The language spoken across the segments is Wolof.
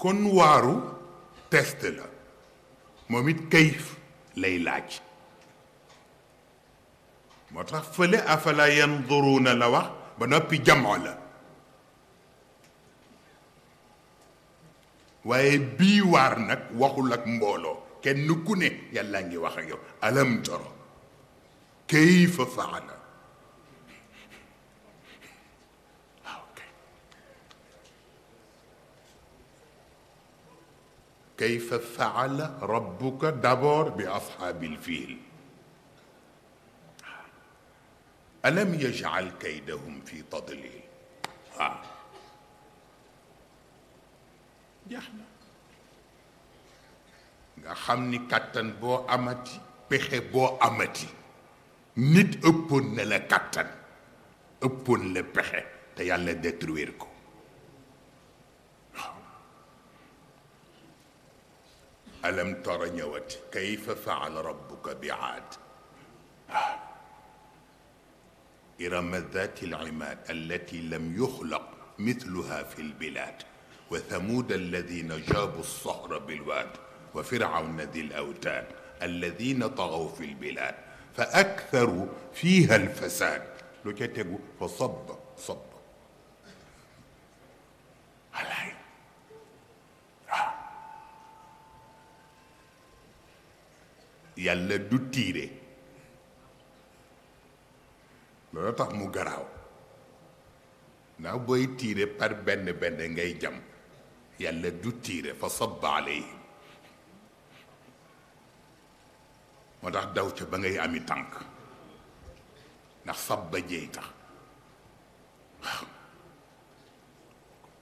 كون وارو تيست لا موميت كيف لاي لاج موتاخ فلي افلا ينظرون لوا با نوبي جمع لا واي بي وار نك واخو لك مbolo كين كوني يالا نغي واخا يو الم ترى كيف فعل كيف فعل ربك دبر بأصحاب الفيل ألم يجعل كيدهم في تضليل ها جحنا خمني كتن بو أمتي بخي بو أمتي نيت أبون لكتن أبون لبخي تيالي دتويركو ألم تر نيوتي كيف فعل ربك بعاد إرم ذات العماد التي لم يخلق مثلها في البلاد وثمود الذين جابوا الصخر بالواد وفرعون ذي الأوتاد الذين طغوا في البلاد فأكثروا فيها الفساد لو فصب صب yàlla du tiré lo tax mu garaaw na boy tiré par ben ben ngay jam yàlla du tiré fa sab alayhim motax daw ci ba ngay ami tànk ndax sab ba jey tax waaw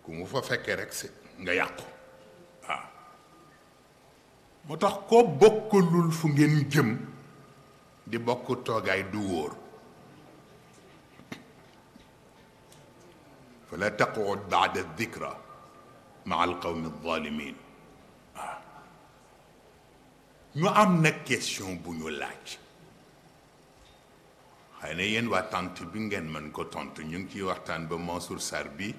ku fa fekke rek si nga yàqu waaw motax ko bokkulul fu ngeen jëm di bokku togay du wóor fala taqud bada dicra maa alqawmi alzalimin waaw ñu am na question bu ñu laaj xayna yéen wa tante bi ngeen man ko tante ñu ngi ci waxtaan ba Mansour Sarr bi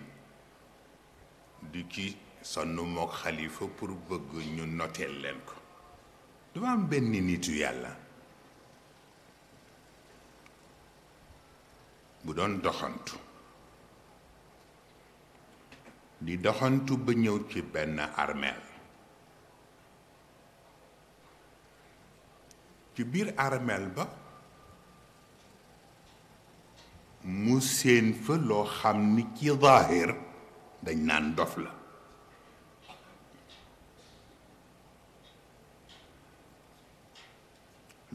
di ci sonn mook xalifa pour bëgg ñu noteel leen ko dafa am benn nitu yàlla bu doon doxantu di doxantu ba ñëw ci benn armeel ci biir armeel ba mu seen fa loo xam ni ci zaahir dañ naan dof la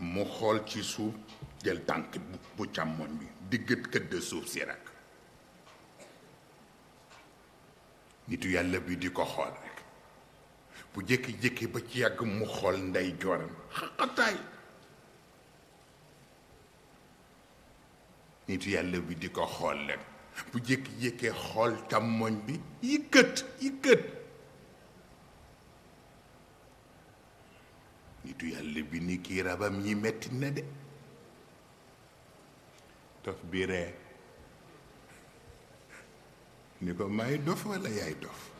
mu xool ci suuf jël tànk bu càmmoñ bi diggat këdd suuf si rek nitu yàlla bi di ko xool rek bu jëkki jékki ba ci yàgg mu xool ndey jooram xaqataay nitu yàlla bi di ko xool rek bu jékki-jékkee xool càmmoñ bi yëkkat yëkkat nitu yàlla bi ni kii rabam yi metti na de dof bi ree ni ko maay dof wala yaay dof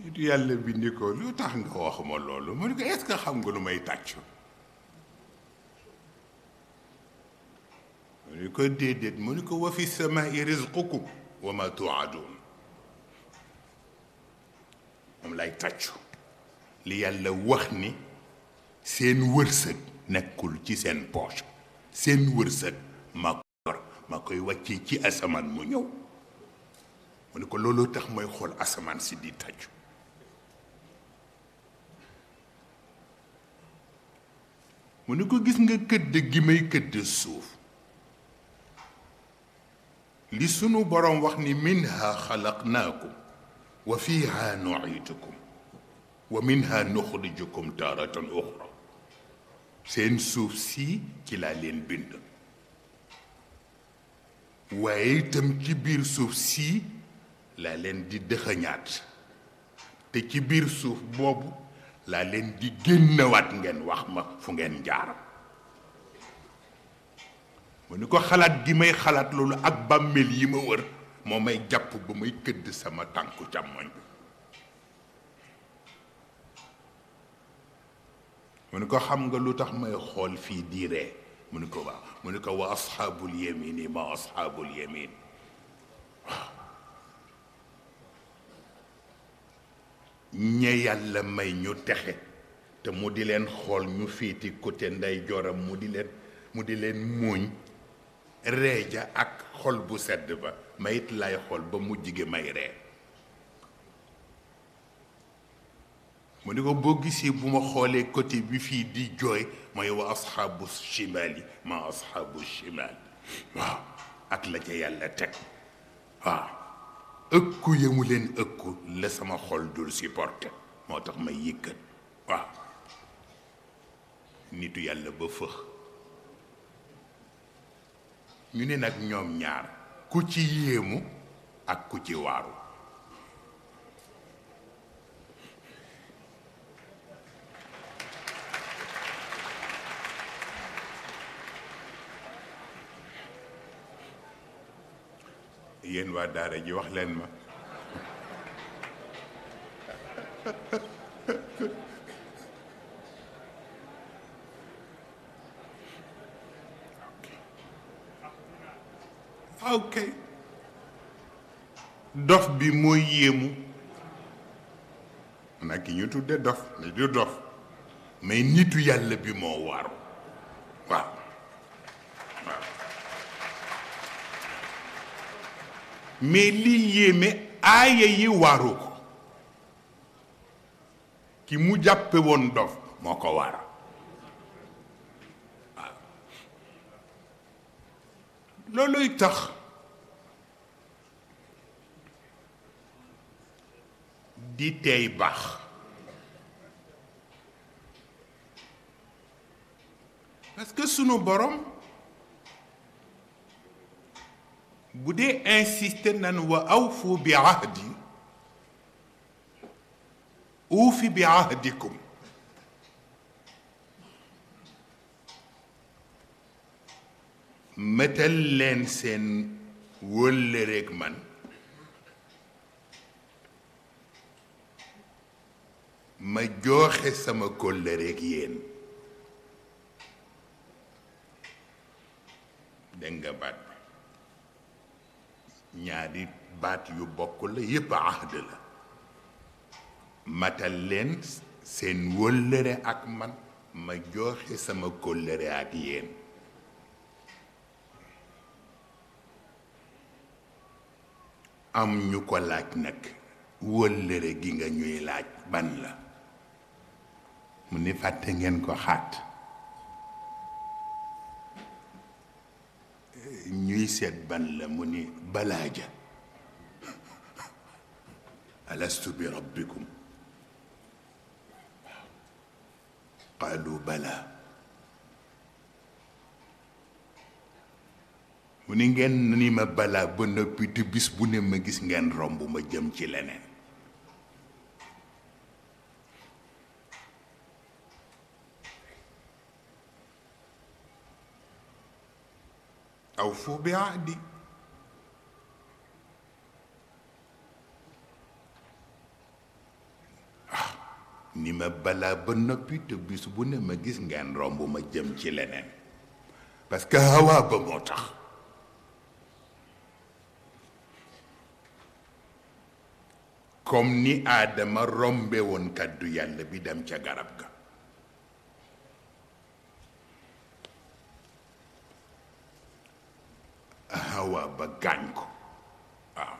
nitu yàlla bi ni ko lu tax nga wax ma loolu mu ne ko est-ce que xam nga lu may tàccu mu ni ko déedéet mu ni ko wa fi samaai rizqukum wa ma tuadun moom lay tàccu li yàlla wax ni seen wërsëg nekkul ci seen poche seen wërsëg maa ko yor koy wàccee ci asamaan mu ñëw mu ne ko looloo tax mooy xool asamaan si di tàccu mu ne ko gis nga këdd gi may këdd suuf li sunu boroom wax ni naa ko وفيها نعيدكم ومنها نخرجكم تارة أخرى سين سوف سي كلا لين بند ويتم كبير سوفسي لالين دي دخنات تكبير سوف بوب لالين دي جنوات نغن وخما فنغن جار ونكو خلات دي مي خلات لولو أكبر مليم ورد moo may jàpp ba may këdd sama tànku càmmoñ bi mu ne ko xam nga lu tax may xool fii diiree mu ne ko waaw mu ne ko wa asxaabul yamin ma asxaabul yamin waaw yàlla may ñu texe te mu di leen xool ñu féeti côté ndey joram mu di leen mu di leen muuñ reja ak xol bu sedd ba mayit lay xol ba mujj gi may re mu ni ko boo gisee bu ma xoolee côté bi fii di joy mooy wa ashabu shimali ma ashabu chimal waaw ak la ca yàlla teg waaw ëkku yamu leen ëkku la sama xol dul supporté moo tax may yëkkat waaw nitu yàlla ba fëx ñu ne nag ñoom ñaar ku ci yéemu ak ku ci waaru yéen waa daara ji wax leen ma waaw dof bi mooy yéemu nag ki ñu tudde dof ne du dof mais nitu yàlla bi moo waaru waaw waaw mais lii yéeme aaya yi waaru ki mu jàppe woon dof moo ko waara waaw looluy tax di tey baax parce que sunu borom bu dee insisté nan wa awfu bi ahdi uufi bi ahdikum mëtal leen seen wëllëreeg man ma jooxe sama kóllëreeg yéen dégg baat bi ñaari baat yu bokk la yépp ahd la matal leen seen wóllëre ak man ma jooxe sama kóllëre ak yéen am ñu ko laaj nag wóllëre gi nga ñuy laaj ban la mu ni fàtte ngeen ko xat ñuy seet ban la mu ni balaa ja alastu bi rabbikum qaalu balaa mu ni ngeen ni ma balaa ba noppi te bis bu ne ma gis ngeen romb ma jëm ci leneen awfu bi ahdi ni ma balaa ba noppi te bu ne ma gis ngeen romb ma jëm ci leneen parce que ba moo tax kom ni aadama rombe kàddu yàlla bi dem ca garab ga awa ba gaañ ko waaw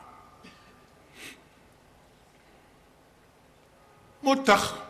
moo tax